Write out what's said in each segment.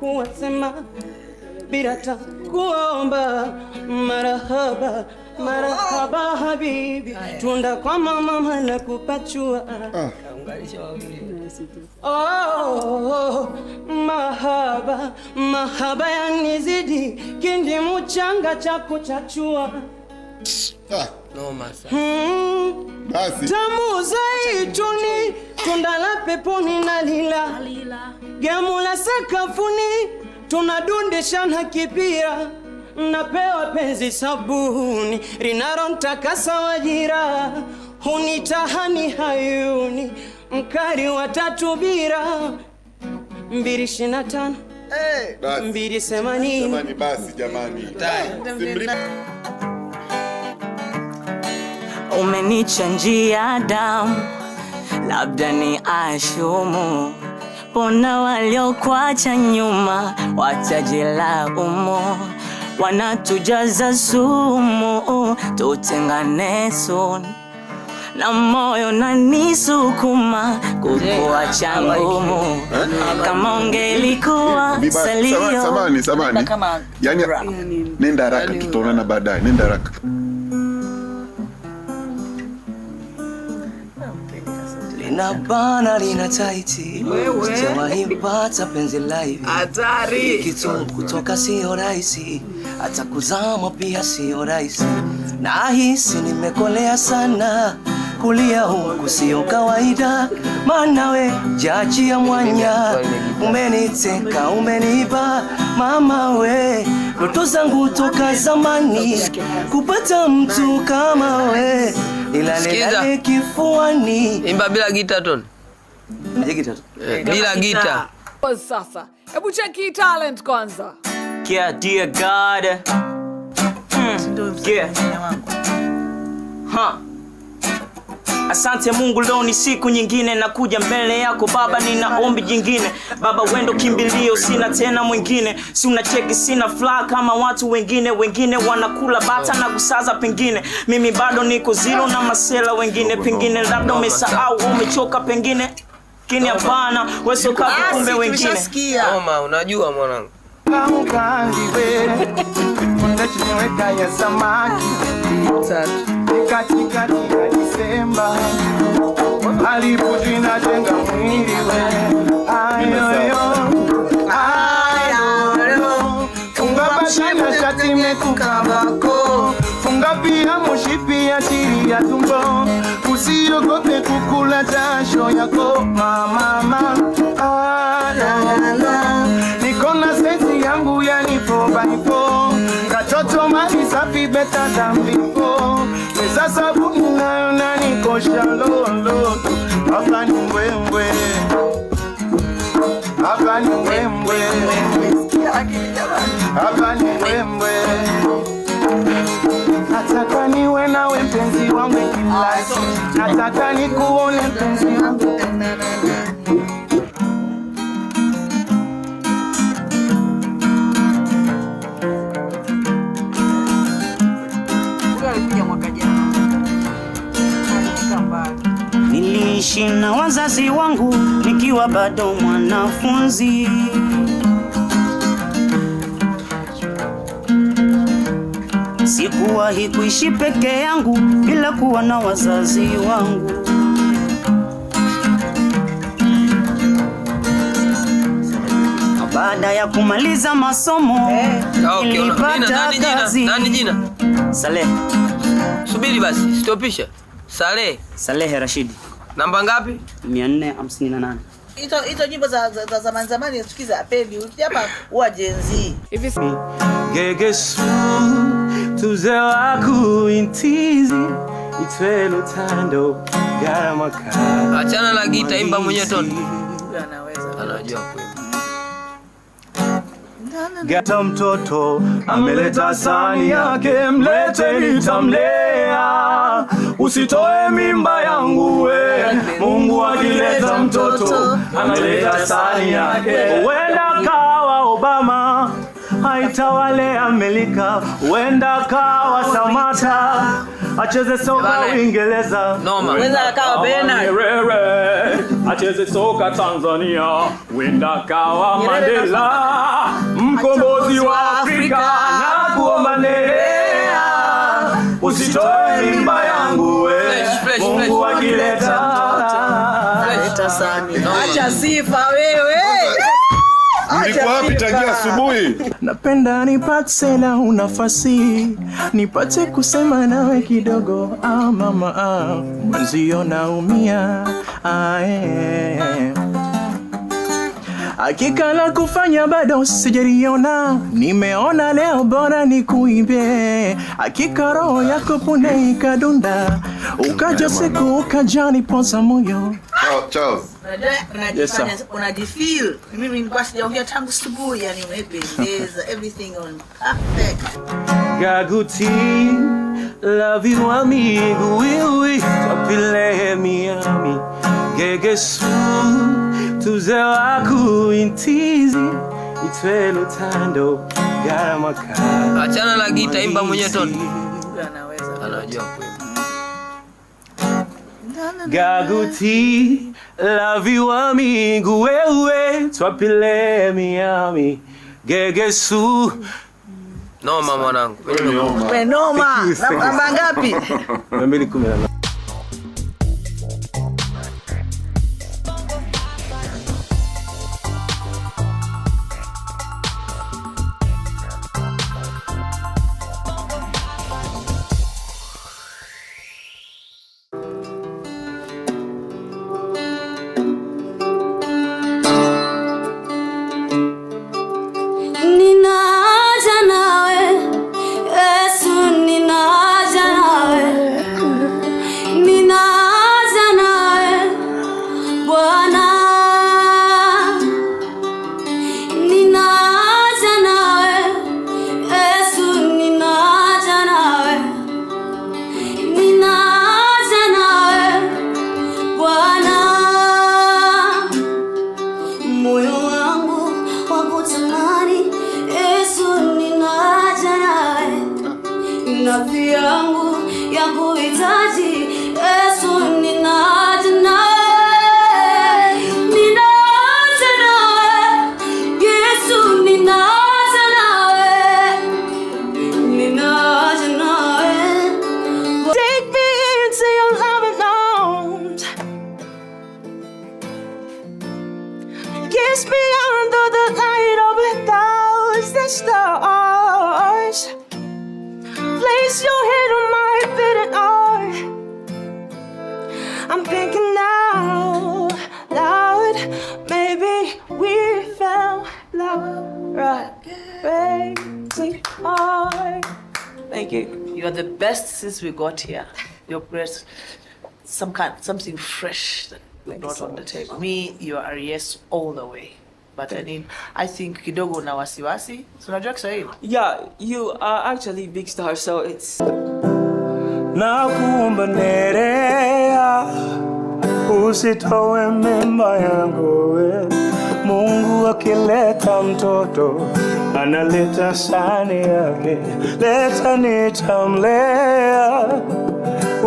kuwasema bila ta kuomba. Marahaba marahaba, habibi, tunda kwa mama mana kupachua ah. Oh, mahaba mahaba yanizidi kindi mchanga cha kuchachua ah. No, mm. Tamu zaituni tunda la peponi na lila gemu la sakafuni tunadundishana kipira napewa penzi sabuni linalontakasa wajira hunitahani hayuni mkari watatu bira mbiri ishirini tano hey, eh, mbili basi jamani umenichanjia damu labda ni ashumu. Pona waliokwacha nyuma watajilaumu, wanatujaza sumu, tutengane soon na moyo na nisukuma kukuacha ngumu kama ungelikuwa salio. Samani, samani, yani nenda haraka, yaani tutaonana baadaye, nenda haraka. na bana lina taiti, sijawahi pata penzi laivi, hatari kitu kutoka sio rahisi, hata kuzama pia sio rahisi. Nahisi nimekolea sana, kulia huku sio kawaida, manawe jachia mwanya, umeniteka umeniba, mama we ndoto zangu toka zamani, kupata mtu kama we Ilalelale kifuani. Imba bila gita ton. Aje gita ton. Eh, bila gita. Sasa, ebu cheki talent kwanza. Kia dear God. Hmm. Yeah. Ha. Asante Mungu, leo ni siku nyingine, nakuja mbele yako Baba, nina ombi jingine. Baba wendo kimbilio, sina tena mwingine, si unacheki, sina furaha kama watu wengine. Wengine wanakula bata na kusaza, pengine mimi bado niko zero na masela wengine, pengine labda umesahau, umechoka, pengine kini, hapana weso kavu, ah, kumbe wengine. Oma, unajua mwanangu katikati ya Disemba aliputi na tenga mwili we ayoyo ayaro funga pia mushipi ya chiri ya tumbo usiogope kukula jasho yako mamama alala niko na seti yangu yanipo nipo banipo maji safi beta than before. Pesa sabu ninayo na niko shalolo. Hapa ni mbwembwe, hapa ni mbwembwe, hapa ni mbwembwe. Nataka niwe nawe mpenzi wangu, nataka nikuone mpenzi wangu naishi na wazazi wangu nikiwa bado mwanafunzi. Sikuwahi kuishi peke yangu bila kuwa na wazazi wangu. Baada ya kumaliza masomo hey, eh. ah, nilipata kazi. Nani jina? Saleh. Subiri basi, stopisha. Saleh. Saleh Rashidi. Namba ngapi? 458. Hizo hizo nyimbo za za zamani zamani nasikiza apendi. Ukija hapa huwa jenzi. Hivi si gege gegesu tuze waku intizi itwelo tando gara makaa. Achana na gita, imba mwenye toni. Anaweza. Anajua kweli. Geta mtoto ameleta sani yake, mlete nitamlea, usitoe mimba yangu we. Mungu akileta mtoto ameleta sani yake, wenda kawa Obama aitawale Amerika, wenda kawa Samata acheze soka Uingereza, wenda kawa Bernard acheze soka Tanzania, wenda kawa Mandela, mkombozi wa Afrika na kuomanea, usitoe mimba yangu we, Mungu akileta acha sifa wewe Ulikuwa wapi tangia asubuhi? Napenda nipate lau nafasi, nipate kusema nawe kidogo. Ah mama, ah mwenzio naumia, ah, eh, eh. Hakika la kufanya bado sijaliona, nimeona leo bora nikuimbie. Hakika roho yako punde ikadunda, ukaja siku ukajani nipoza moyo. Charles baadaye unajifanya yes, unajifeel. Mimi nilikuwa sijaongea tangu asubuhi, yani umependeza, everything on perfect. Gaguti love you amigo wiwi tapile Miami gegesu tuze waku intizi itwe lutando gharama ka achana na gita, imba mwenyewe Toto, anaweza anajua kweli Gaguti, love you amigo, wewe, twapile Miami, gegesu. Noma mwanangu. Noma. Namba ngapi? 218. vyangu ya kuhitaji Yesu Take me into your loving arms Kiss me under the light of a thousand stars place your head on my bed and I am thinking now loud Maybe we found love right Crazy heart Thank you You are the best since we got here Your breath Some kind, something fresh that we brought so on much. the table Me, you are a yes all the way but I mean, I think kidogo na wasiwasi. So unajua Kiswahili? Yeah, you are actually big star, so it's Nakuomba Nerea, usitoe mimba yangu we. Mungu akileta mtoto analeta sani yake, leta nitamlea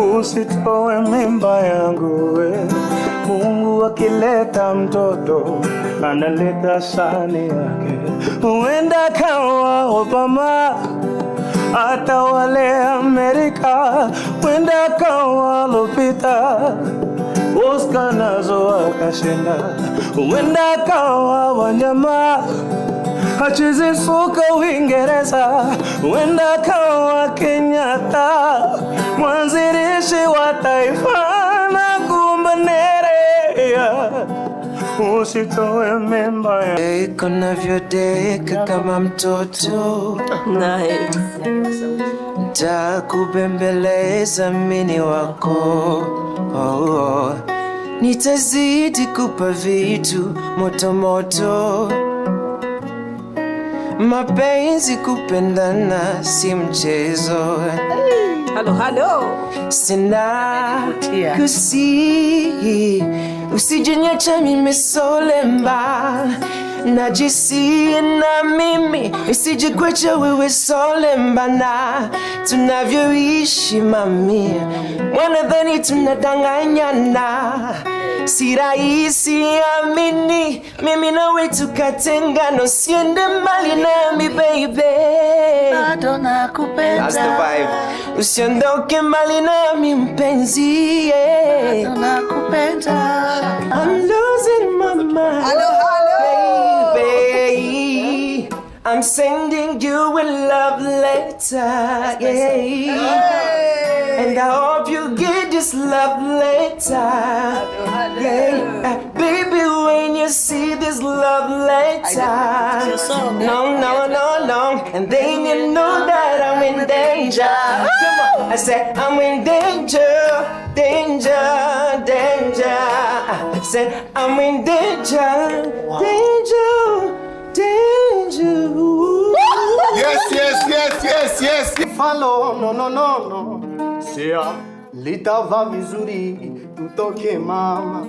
usitoe mimba yangu we. Mungu akileta mtoto analeta sani yake, huenda kawa Obama hata wale Amerika, huenda kawa Lupita Oscar nazo akashinda, huenda kawa wanyama acheze soka Uingereza, wenda kawa Kenyatta, mwanzirishi wa taifa na gumbanerea usitoe mimba iko navyodeka kama mtoto ta Takubembeleza mini wako oh, oh. Nitazidi kupa vitu motomoto moto. Mapenzi kupendana si mchezo. Halo, halo. Sina kusi usijenye chami mesolemba najisi na mimi isijikweche wewe sole tunavyoishi mami mwanadhani tunadanganyana si rahisi amini mimi nawe tukatengano siende mbali nami baby mbali nami mpenzi yeah. I'm sending you a love letter. Yeah. And I hope you get this love letter. Yeah. Baby, when you see this love letter, no, no, no, no. And then you know that I'm in danger. I said, I'm in danger danger, danger. I said, I'm in danger, danger, danger. you. yes, yes, yes, yes, yes. Falo, no, no, no, no. Sea litava vizuri, tutoke mama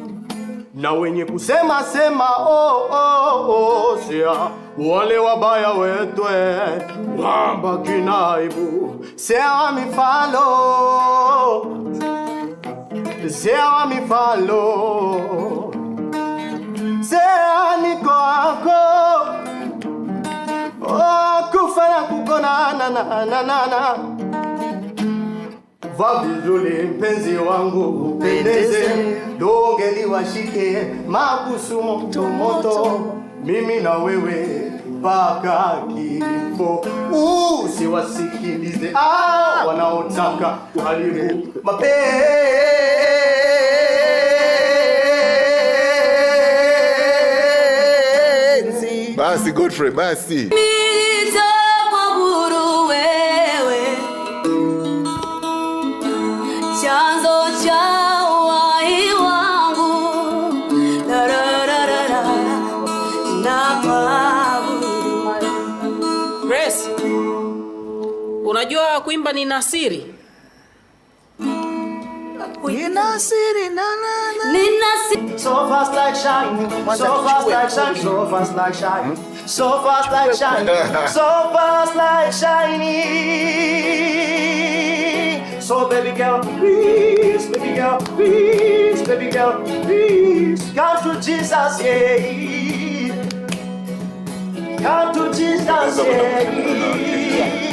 na wenye kusema sema oh, oh, oh, sia wale wabaya wetwe eh. wamba kinaibu sea mifalo sea mifalo sea niko ako okufana ah, kukona nananana va vizuri mpenzi wangu upendeze dongeli washike makusumo mimi na wewe mpaka kifo. Usiwasikilize ah. wanaotaka kuharibu Basi Godfrey, basi Grace, unajua kuimba ni nasiri. City, na na na. City. So fast like shine, so fast like shine, hmm? so fast like shine, so fast like shine, so fast like shiny. So baby girl, please, baby girl, please, baby girl, please, come to Jesus, yeah. Come to Jesus, yeah.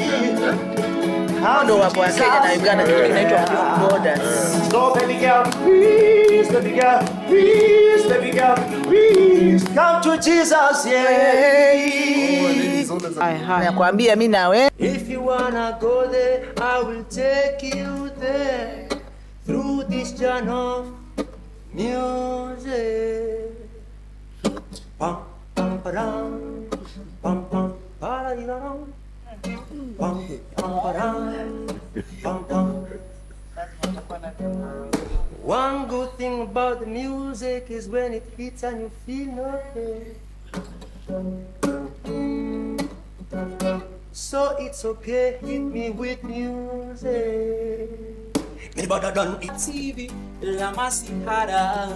hao ndo wapo wa Kenya na Uganda, kitu kinaitwa Borders. So baby girl, please, baby girl, please, baby girl, please, come to Jesus, yeah. Nakwambia mi na wewe. If you wanna go there, I will take you there through this channel music. Pam pam pam, pam pam pararam. One good thing about the music is when it hits and you feel no pain. So it's okay, hit me with music. Me do done it TV, la masikara.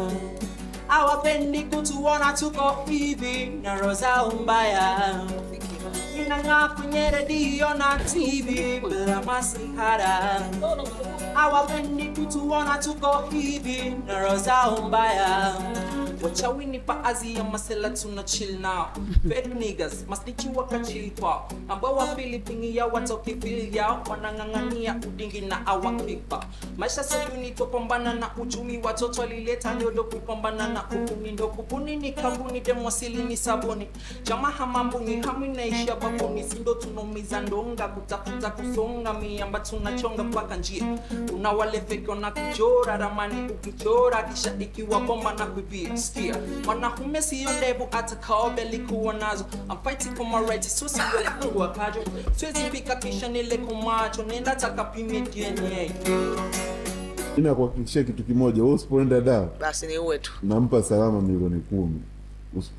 Awapende kutuona tuko hivi na roza umbaya inanga kunyere dio na tibi bila masihara awapende kutuona tuko hivi na roza umbaya Watch out, we need pa azi ya masela tuna chill now. Fake niggas, must masnichiwaka chill pa. Ambao wa Filipini ya watokifil yao wanang'ang'ania udingi na awakipa. Maisha sabuni tupambana na uchumi, watoto walileta nyodo kupambana na kupuni ndo kupuni ni kabuni demwasili ni sabuni. Jamaa hamambuni hamu inaishia babuni, sindo tunaumiza ndonga kutafuta kusonga miamba tunachonga mpaka njia. Kuna wale fake na kuchora ramani ukichora kisha ikiwa bomba na kuibia steer mwanaume siyo ndevu hata kaobe likuwa nazo I'm fighting for my right so kisha nile kumacho ninataka pime DNA Ninakuhakikishia kitu kimoja, wewe usipoenda dawa basi niue tu, nampa salama milioni kumi.